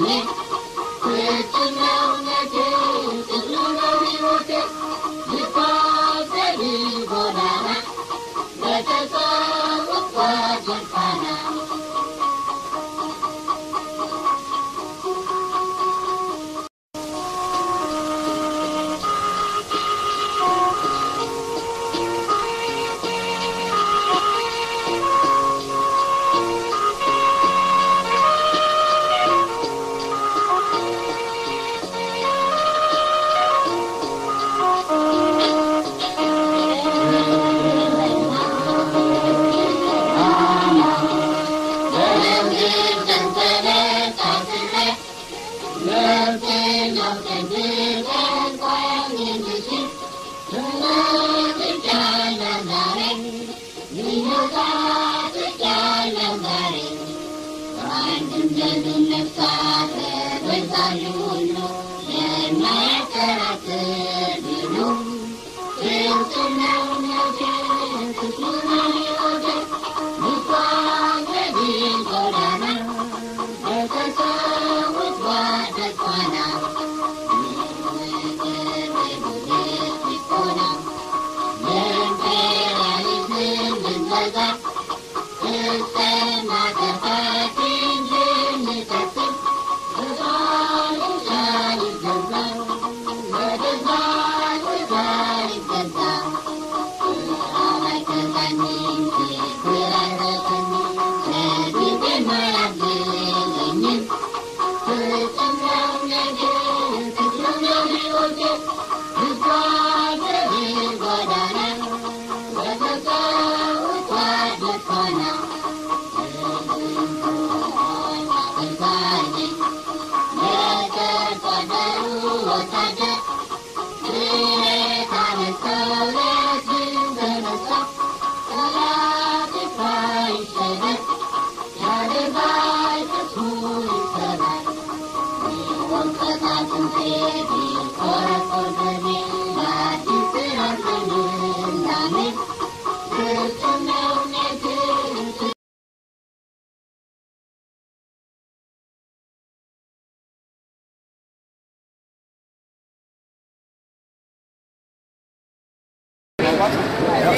ね」「素敵な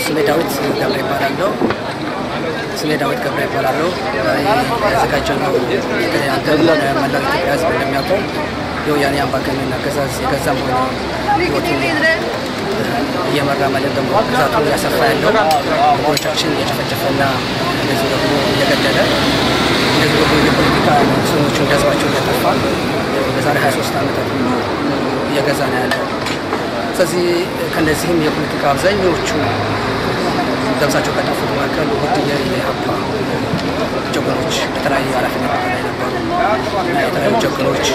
ስሜ ዳዊት ገብረ ይባላለሁ። ስሜ ዳዊት ገብረ ይባላለሁ። ያዘጋጀው ነው አንተ መላው ኢትዮጵያ ሕዝብ እንደሚያውቀው የወያኔ አምባገነን አገዛዝ የገዛ ሆነ እየመራ ማለት ደግሞ ግዛቱን እያሰፋ ያለው ወገኖቻችን እየጨፈጨፈና እንደዚሁ ደግሞ እየገደለ እንደዚሁ ደግሞ የፖለቲካ ስሞቹን ህዝባቸው እያጠፋ ለዛሬ 23 ዓመታት እየገዛ ነው ያለው። ከዚህ ከነዚህም የፖለቲካ አብዛኛዎቹ ደብዛቸው ከጠፉት መካከል ውድ የኢህአፓ ጀግኖች በተለያዩ ኃላፊነት ላይ ነበሩ እና የተለያዩ ጀግኖች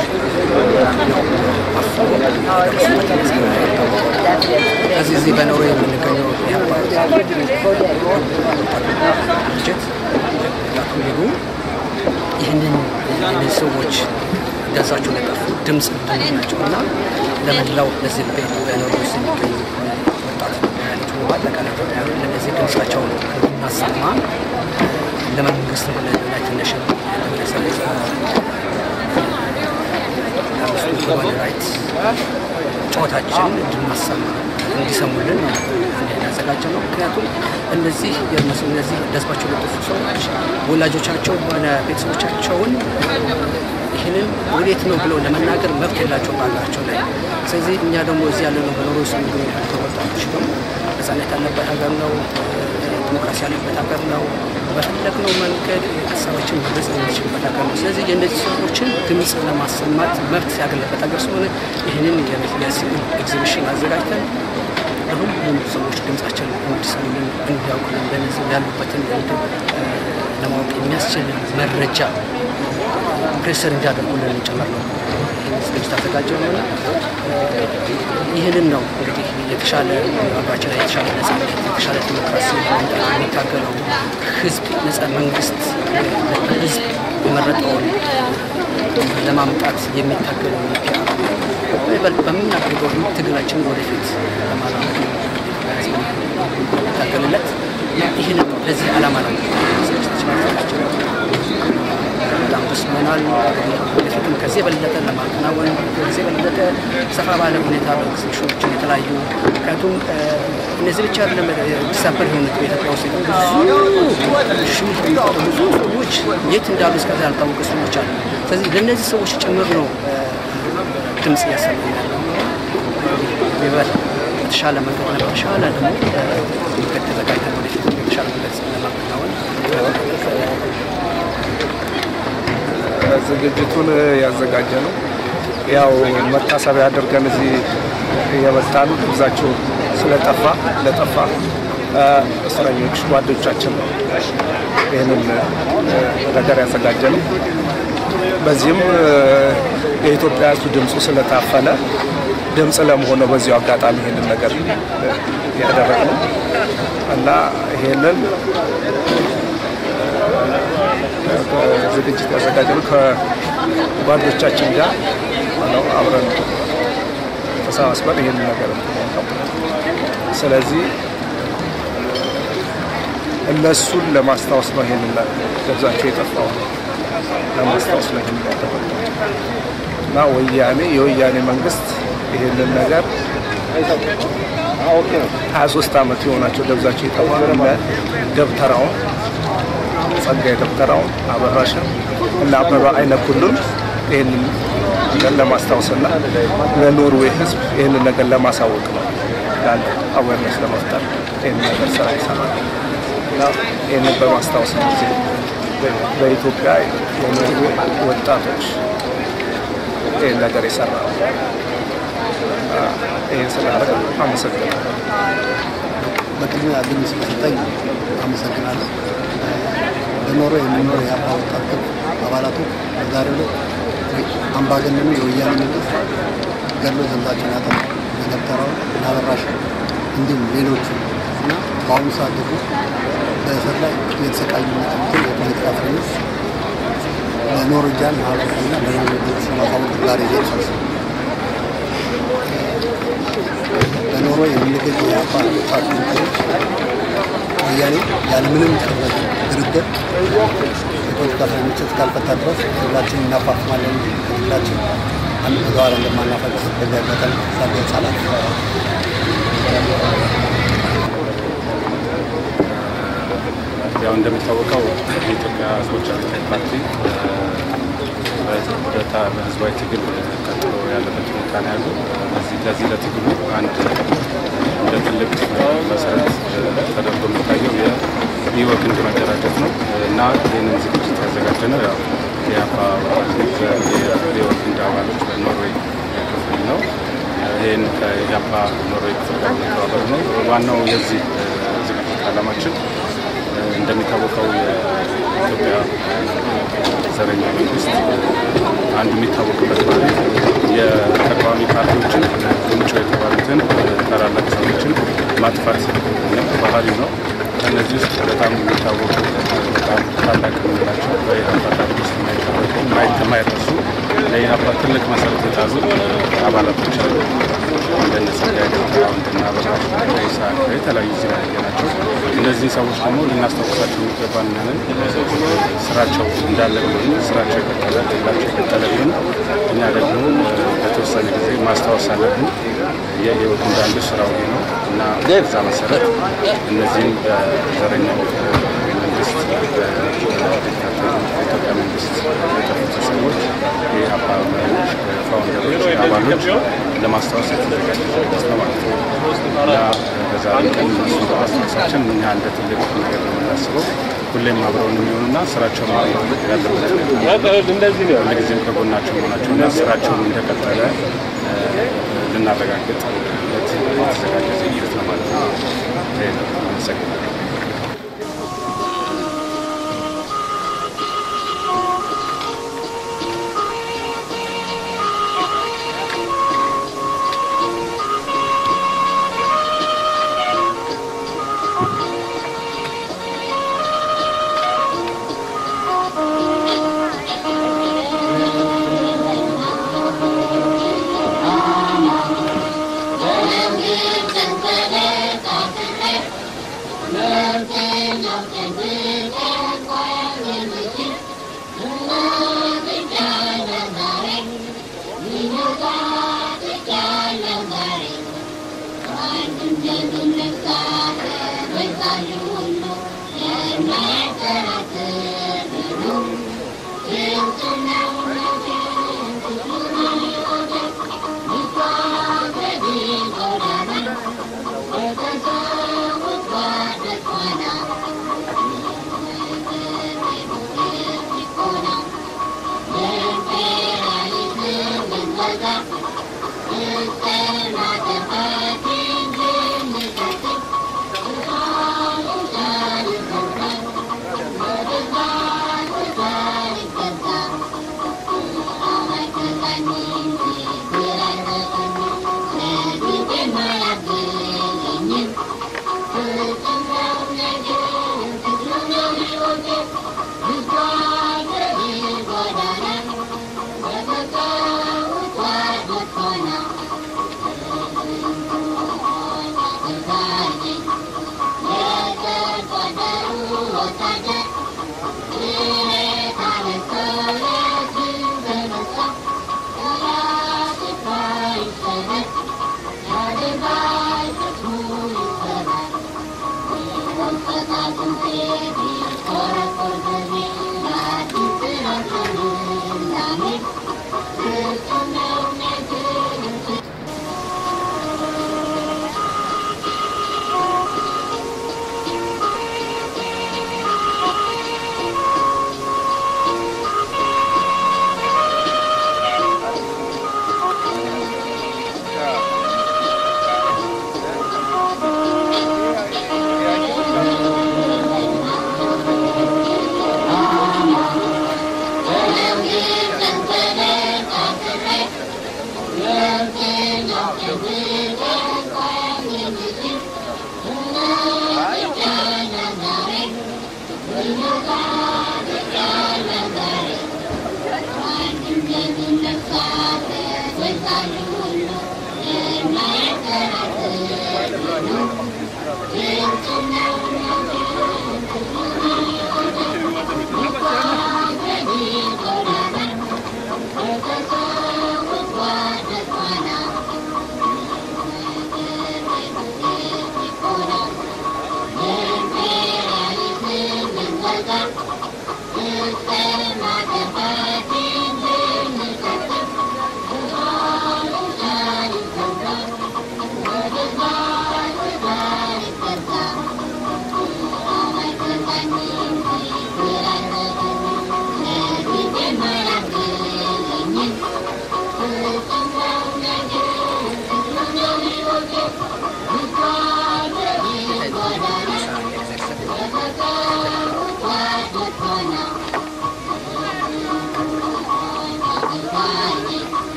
ከዚህ እዚህ በኖሮ የምንገኘው ኢህአፓ ድርጅት ይህንን ሰዎች ገጻቸውን የጠፉ ድምፅ ናቸው እና ለመላው ለዚህ በኖርስ የሚገኙ ወጣት ያለች በአጠቃላይ ኢትዮጵያውያን ለነዚህ ድምፃቸውን እናሰማ ለመንግስት ለናሽን ራይት ጨዋታችን እንድናሰማ እንዲሰሙልን ማለት ነው ያዘጋጀ ነው። ምክንያቱም እነዚህ እነዚህ ደስባቸው ለጠፉ ሰዎች ወላጆቻቸው ሆነ ቤተሰቦቻቸውን ይህንን ወዴት ነው ብለው ለመናገር መብት የላቸው ባላቸው ላይ ስለዚህ እኛ ደግሞ እዚህ ያለ ነው በኖሮ ውስጥ የሚገኙ ተወጣቶች ደግሞ ነጻነት ያለበት ሀገር ነው፣ ዲሞክራሲ ያለበት ሀገር ነው። በፈለግነው መንገድ ሀሳባችን መግለጽ የሚችልበት ሀገር ነው። ስለዚህ የእነዚህ ሰዎችን ድምፅ ለማሰማት መብት ያገለበት ሀገር ስለሆነ ይህንን ኤግዚቢሽን አዘጋጅተን እንዲሁም የሞቱ ሰዎች ድምጻቸውን እንዲሰሙልን እንዲያውቁልን በነዚህ ያሉበትን ለማወቅ የሚያስችል መረጃ ፕሬሰር እንዲያደርጉልን ጭምር ነው ዝግጅት አዘጋጀ ሆነ። ይህንን ነው እንግዲህ የተሻለ ሀገራችን ላይ የተሻለ ነጻነት፣ የተሻለ ዲሞክራሲ የሚታገለው ህዝብ ነጻ መንግስት ህዝብ የመረጠውን ለማምጣት የሚታገለው ኢትዮጵያ ይበልጥ በምናደርገው ትግላችን ወደፊት ለማራመድ ታገልለት ይህን ለዚህ ዓላማ ነው በጣም በስመናል። ወደፊትም ከዚህ የበለጠ ለማከናወን ከዚህ የበለጠ ሰፋ ባለ ሁኔታ በኤግዚቢሽኖችን የተለያዩ ምክንያቱም እነዚህ ብቻ አይደለም የሆኑት በኢትዮጵያ ውስጥ ብዙ ሺህ ብዙ ሰዎች የት እንዳሉ እስከዛ ያልታወቁ ሰዎች አሉ። ስለዚህ ለእነዚህ ሰዎች ጭምር ነው ድምጽ እያሰማኝ ያለው የተሻለ መንገድ ለመሻለ ደግሞ መንገድ ተዘጋጅተን ወደፊት የተሻለ መንገድ ለማከናወን ዝግጅቱን ያዘጋጀ ነው። ያው መታሰቢያ አድርገን እዚህ የመጣን ብዛችሁ ስለጠፋ ለጠፋ እስረኞች ጓዶቻችን ይህንን ነገር ያዘጋጀ ነው። በዚህም የኢትዮጵያ ሕዝብ ድምፁ ስለታፈነ ድምፅ ለመሆን በዚሁ አጋጣሚ ይህንን ነገር ያደረግነው እና ይህንን ዝግጅት ያዘጋጀነው ከጓዶቻችን ጋር ነው አብረን ተሰባስበን ይህንን ነገር ስለዚህ እነሱን ለማስታወስ ነው ይህንን ገብዛቸው የጠፋው ነው። ለማስታወስ ላይ እና ወያኔ የወያኔ መንግስት ይሄንን ነገር ሀያ ሶስት ዓመት የሆናቸው ደብዛቸው የተባሉ ደብተራውን ጸጋዬ ደብተራውን አበራሽን እና አበባ አይነ ኩሉን ይህንን ነገር ለማስታወስና ለኖርዌይ ህዝብ ይህንን ነገር ለማሳወቅ ነው። ለአንድ አዌርነስ ለመፍጠር ይህንን ነገር ስራ ይሰራል እና ይህንን በማስታወስ ነው በኢትዮጵያ ለመሪ ወጣቶች ይህን ነገር የሰራ ይህን ስላደረገ አመሰግናለሁ። በቅድሚያ ግን ስለሰጠኝ አመሰግናለሁ። በኖሮ የሚኖር የአባ ወጣት አባላቱ በዛሬው ዕለት አምባገነኑ የወያኔ መንግስት ገሎ ዘላቸውን ያጠ መገተራው ላበራሽ እንዲሁም ሌሎቹ እና በአሁኑ ሰዓት ደግሞ በእስር ላይ የተሰቃዩ የፖለቲካ እስረኞች ኖርጃን ማህበረሰብና በህዝቦች ማሳወቅ ዛሬ ደርሷል። የአባ ያለምንም ድርድር የፖለቲካ እስረኞችን እስካልፈታ ድረስ ትግላችን እናፋፍማለን እንጂ አንድ ተግባር እንደማናፈቅ በዚያ አጋጣሚ ሳቢያ ህጻናት ያው እንደሚታወቀው የኢትዮጵያ ሕዝቦች አብዮታዊ ፓርቲ በህዝባዊ ትግል ቀጥሎ ያለበት ሁኔታ ነው ያሉ። ለዚህ ለትግሉ አንድ እንደ ትልቅ መሰረት ተደርጎ የሚታየው የኢወክንድ መደራጀት ነው እና ይህንን ዝግጅት ያዘጋጀ ነው ያው የአባ የኢወክንድ አባሎች በኖርዌይ ክፍል ነው። ይህን የአባ ኖርዌይ ክፍል ጋር ነው። ዋናው የዚህ ዝግጅት አላማችን እንደሚታወቀው የኢትዮጵያ ዘረኛ መንግስት አንድ የሚታወቅበት ማለት የተቃዋሚ ፓርቲዎችን ቁንጮ የተባሉትን ታላላቅ ሰዎችን ማጥፋት ባህሪ ነው። ከእነዚህ ውስጥ በጣም የሚታወቁ በጣም ታላቅ የምንላቸው በኢህአፓ ፓርቲ ውስጥ የማይታወቁ የማይረሱ ለኢህአፓ ትልቅ መሰረት የጣሉ አባላቶች አሉ። እንደነ ጸጋዬ የተለያዩ ዜና ያየናቸው እነዚህ ሰዎች ደግሞ ልናስታውሳቸው የሚገባ ነን። ስራቸው እንዳለ ቢሆን ስራቸው የቀጠለ ትግላቸው የቀጠለ ቢሆን እኛ ደግሞ በተወሰነ ጊዜ ማስታወስ አለብን። የህይወት እንዳንዱ ስራው ነው እና በዛ መሰረት እነዚህም በዘረኛ መንግስት ኢትዮጵያ መንግስት የጠፉት ሰዎች የአባል መሪዎች፣ ፋውንደሮች፣ አባሎች ለማስታወስ የተዘጋጀ ድረስ ነው ማለት ነው በዛሬ ቀን እነሱ በማስታወሳችን እኛ እንደ ትልቅ ነገር የምናስበው። ሁሌም አብረውን የሚሆኑና ስራቸውን ማድረግ ያለበት ሁልጊዜም ከጎናቸው መሆናቸውና ስራቸውን እንደቀጠለ ልናረጋግጥ የተዘጋጀ ዝግጅት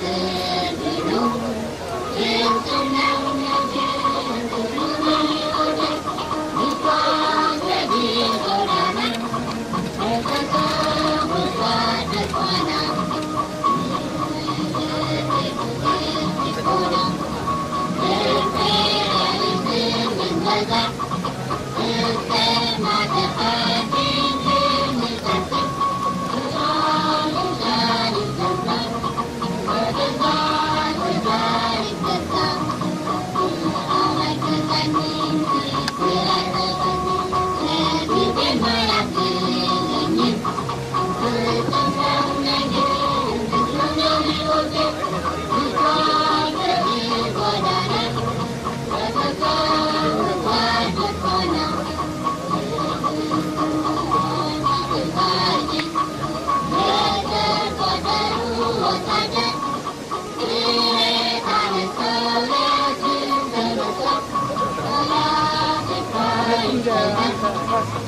Thank you. Thank you.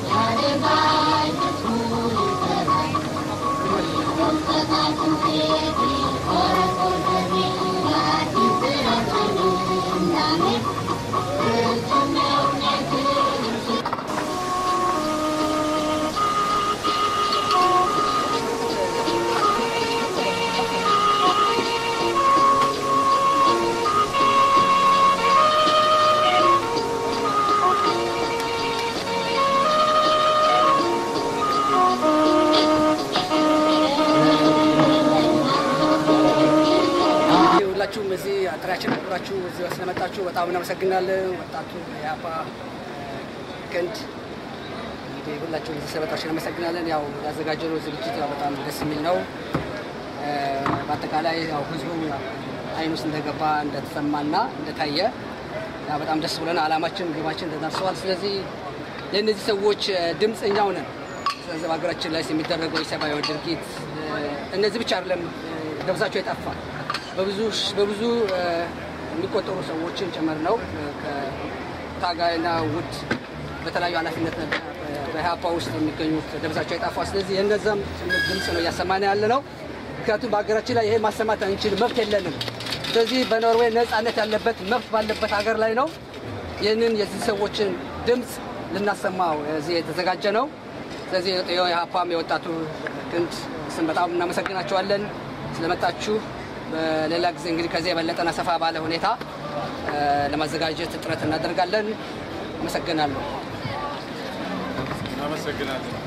እዚህ አጥሪያችን ቁራችሁ እዚህ ስለመጣችሁ በጣም እናመሰግናለን። ወጣቱ የአፋ ክንድ እንግዲህ ሁላችሁ እዚህ ስለመጣችሁ እናመሰግናለን። ያው ያዘጋጀነው ዝግጅት ያው በጣም ደስ የሚል ነው። በአጠቃላይ ያው ህዝቡ አይን ውስጥ እንደገባ እንደተሰማና እንደታየ በጣም ደስ ብለን አላማችን ግባችን ተደርሰዋል። ስለዚህ ለእነዚህ ሰዎች ድምፅ እኛው ነን። ስለዚህ በሀገራችን ላይ የሚደረገው የሰብአዊ ድርጊት እነዚህ ብቻ አይደለም ደብዛቸው የጠፋል በብዙ የሚቆጠሩ ሰዎችን ጭምር ነው ከታጋይና ውድ በተለያዩ ኃላፊነት በኢህአፓ ውስጥ የሚገኙት ደብዛቸው የጣፋ። ስለዚህ የእነዛም ድምፅ ነው እያሰማን ያለ ነው። ምክንያቱም በሀገራችን ላይ ይሄ ማሰማት አንችል፣ መብት የለንም። ስለዚህ በኖርዌይ ነፃነት ያለበት መብት ባለበት ሀገር ላይ ነው ይህንን የዚህ ሰዎችን ድምፅ ልናሰማው እዚህ የተዘጋጀ ነው። ስለዚህ ኢህአፓም የወጣቱ ክንድ ስም በጣም እናመሰግናቸዋለን ስለመጣችሁ። በሌላ ጊዜ እንግዲህ ከዚህ የበለጠና ሰፋ ባለ ሁኔታ ለማዘጋጀት ጥረት እናደርጋለን። አመሰግናለሁ። አመሰግናለሁ።